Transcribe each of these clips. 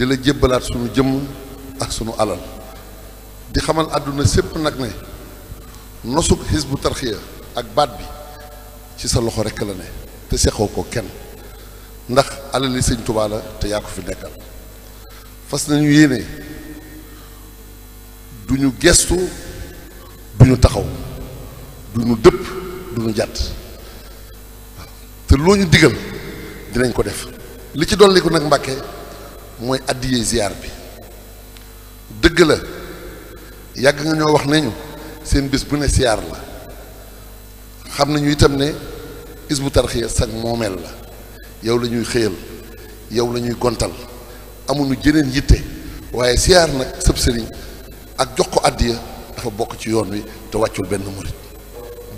di la jébbalaat sunu jëmm ak sunu alal di xamal àdduna sépp nag ne nosub bu Tarqiyyah ak baat bi ci sa loxo rekk la ne te seqoo ko kenn ndax alal li sëñ Tuubaa te yaa ko fi nekkal fas nañu yéene du ñu gestu du ñu taxaw du ñu dëpp du ñu jàtt te loo ñu digal dinañ ko def li ci dolli ko nag Mbàkke mooy addiyee ziar bi dëgg la yàgg nga ñoo wax nañu seen bis bu ne ziar la xam nañu itam ne isbu tarxiya sag moomeel la yow la ñuy xëyal yow la ñuy gontal amuñu jëneen yitte waaye ziar nag sëb sëriñ ak jox ko addiya dafa bokk ci yoon wi te wàccul benn murit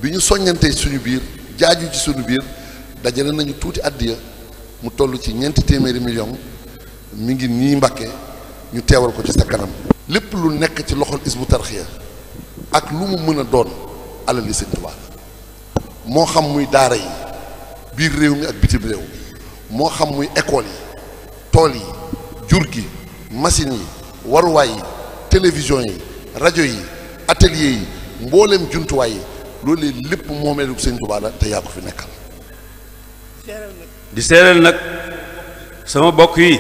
bi ñu soññantee suñu biir jaaju ci suñu biir dajale nañu tuuti addiya mu toll ci ñeenti téeméeri million mi ngi nii mbakke ñu teewal ko ci sa kanam lépp lu nekk ci loxol isbu tarxiya ak lu mu mën a doon alal yi moo xam muy daara yi biir réew mi ak bitim réew moo xam muy école yi tool yi jur gi machine yi waruwaay yi télévision yi rajo yi atelier yi mbooleem jumtuwaay yi loolu lépp moomeelu sëñ Tuubaa la te yaa fi nekkal di seeral nag sama bokk yi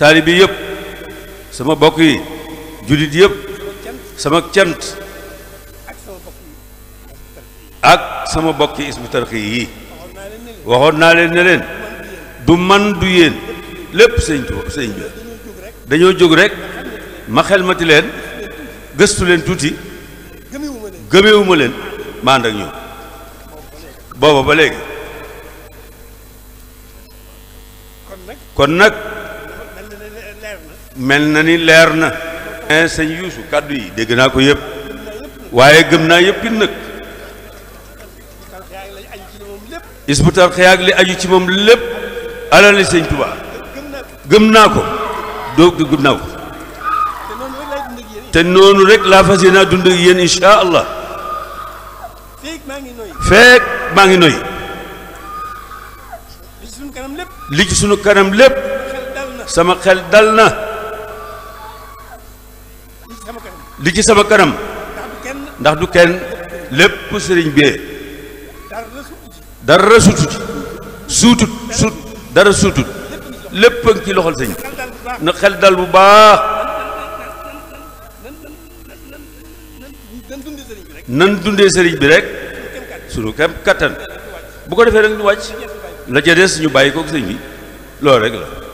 taalibe yépp sama bokk yi jullit yëpp sama cant ak sama bokk yi Hizbut Tarqiyyah yi waxoon naa leen ne leen du man du yéen lépp sëñ Tuubaa sëñ dañoo jóg rek ma xelmati leen gëstu leen tuuti gëmewuma leen ma ànd ak booba ba léegi kon nag mel na ni leer na mais eh, sëñ yuusu kàddu yi dégg naa ko yëpp waaye gëm naa yëpp it nag isbitar xëyaag li aju ci moom lépp alali sëñ Tuubaa gëm naa ko doo gëm naa ko te noonu rek laa fas yéenaa dund ak yéen allah feek maa ngi noy li ci sunu kanam lépp sama xel dal na li ci sama kanam ndax du kenn lépp sëriñ bi dara suutut suutut suut dara suutut lépp ci loxol sëñ na xel dal bu baax nan dundee sëriñ bi rek sunu kem kattan bu ko defee rek ñu wàcc la ca des ñu bàyyi kook sëñ bi loolu rek la